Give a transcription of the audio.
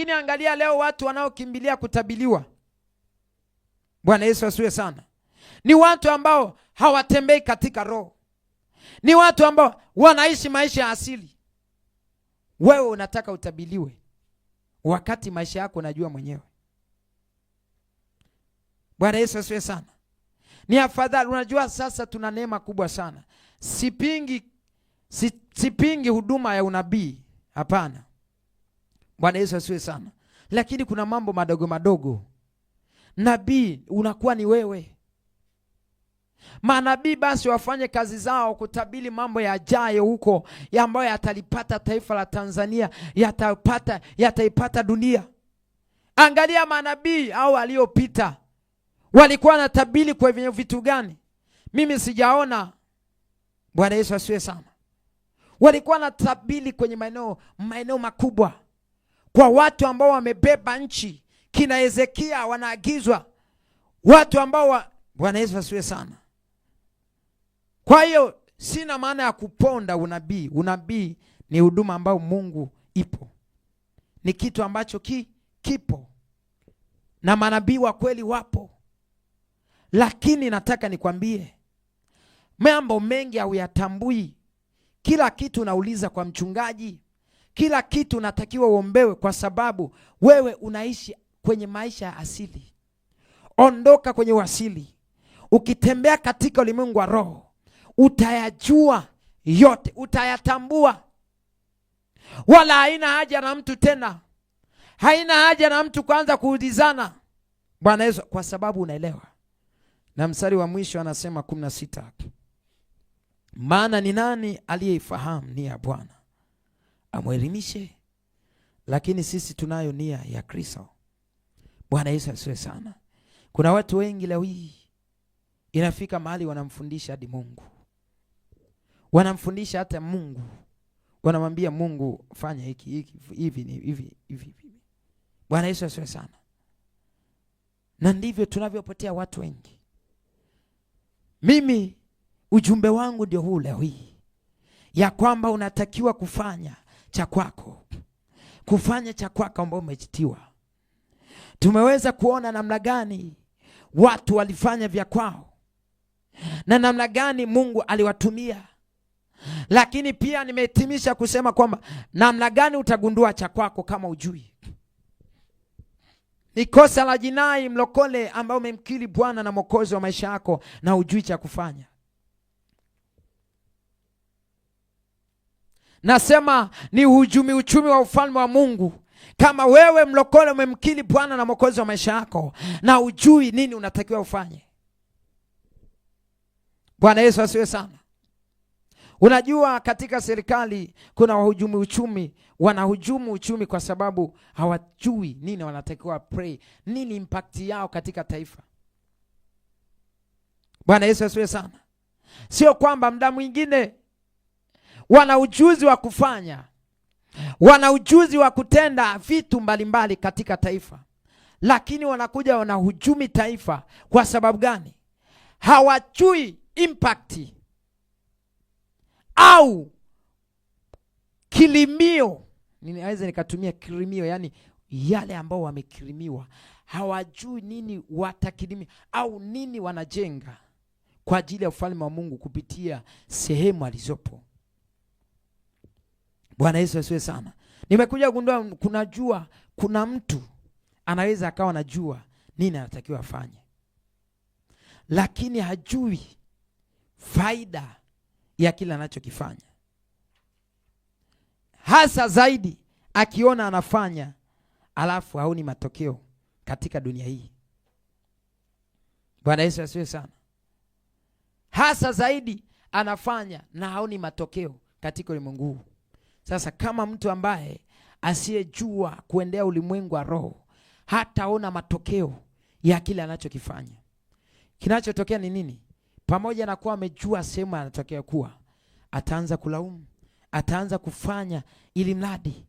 Lakini angalia leo watu wanaokimbilia kutabiliwa. Bwana Yesu asiwe sana. Ni watu ambao hawatembei katika roho. Ni watu ambao wanaishi maisha ya asili. Wewe unataka utabiliwe wakati maisha yako unajua mwenyewe. Bwana Yesu asiwe sana. Ni afadhali, unajua sasa tuna neema kubwa sana. Sipingi, sipingi huduma ya unabii, hapana. Bwana Yesu asiwe sana. Lakini kuna mambo madogo madogo, nabii unakuwa ni wewe. Manabii basi wafanye kazi zao kutabili mambo yajayo huko ya ambayo yatalipata taifa la Tanzania, yatapata yataipata dunia. Angalia manabii au waliopita walikuwa na tabili kwa vitu gani? Mimi sijaona. Bwana Yesu asiwe sana. Walikuwa na tabili kwenye maeneo maeneo makubwa kwa watu ambao wamebeba nchi kina Hezekia wanaagizwa, watu ambao wa... Bwana Yesu asiwe sana. Kwa hiyo sina maana ya kuponda unabii. Unabii ni huduma ambayo Mungu ipo, ni kitu ambacho ki, kipo na manabii wa kweli wapo, lakini nataka nikwambie mambo mengi hauyatambui. Kila kitu unauliza kwa mchungaji kila kitu unatakiwa uombewe, kwa sababu wewe unaishi kwenye maisha ya asili. Ondoka kwenye uasili, ukitembea katika ulimwengu wa roho utayajua yote, utayatambua. Wala haina haja na mtu tena, haina haja na mtu kuanza kuulizana. Bwana Yesu, kwa sababu unaelewa. Na mstari wa mwisho anasema kumi na sita, maana ni nani aliyeifahamu ni ya Bwana amwelimishe, lakini sisi tunayo nia ya Kristo. Bwana Yesu asiwe sana. Kuna watu wengi leo hii inafika mahali wanamfundisha hadi Mungu, wanamfundisha hata Mungu, wanamwambia Mungu fanya hiki hiki hivi hivi hivi. Bwana Yesu asiwe sana. Na ndivyo tunavyopotea watu wengi. Mimi ujumbe wangu ndio huu leo hii ya kwamba unatakiwa kufanya cha kwako, kufanya cha kwako ambao umejitiwa. Tumeweza kuona namna gani watu walifanya vya kwao na namna gani Mungu aliwatumia, lakini pia nimehitimisha kusema kwamba namna gani utagundua cha kwako kama ujui. Ni kosa la jinai mlokole ambao umemkiri Bwana na Mwokozi wa maisha yako na ujui cha kufanya. Nasema ni uhujumi uchumi wa ufalme wa Mungu. Kama wewe mlokole umemkili Bwana na Mwokozi wa maisha yako na ujui nini unatakiwa ufanye. Bwana Yesu asiwe sana. Unajua, katika serikali kuna wahujumi uchumi, wanahujumu uchumi kwa sababu hawajui nini wanatakiwa pray, nini impact yao katika taifa. Bwana Yesu asiwe sana. Sio kwamba mda mwingine wana ujuzi wa kufanya, wana ujuzi wa kutenda vitu mbalimbali katika taifa, lakini wanakuja wanahujumi taifa. Kwa sababu gani? Hawachui impact au kilimio, ninaweza nikatumia kilimio, yani yale ambao wamekirimiwa, hawajui nini watakilimia au nini wanajenga kwa ajili ya ufalme wa Mungu kupitia sehemu alizopo. Bwana Yesu asiwe sana. Nimekuja kugundua kuna jua, kuna mtu anaweza akawa anajua nini anatakiwa afanye, lakini hajui faida ya kile anachokifanya, hasa zaidi akiona anafanya alafu haoni matokeo katika dunia hii. Bwana Yesu asiwe sana. Hasa zaidi anafanya na haoni matokeo katika ulimwengu huu. Sasa kama mtu ambaye asiyejua kuendea ulimwengu wa roho hataona matokeo ya kile anachokifanya. Kinachotokea ni nini? Pamoja na kuwa amejua sehemu anatokea kuwa, ataanza kulaumu, ataanza kufanya ili mradi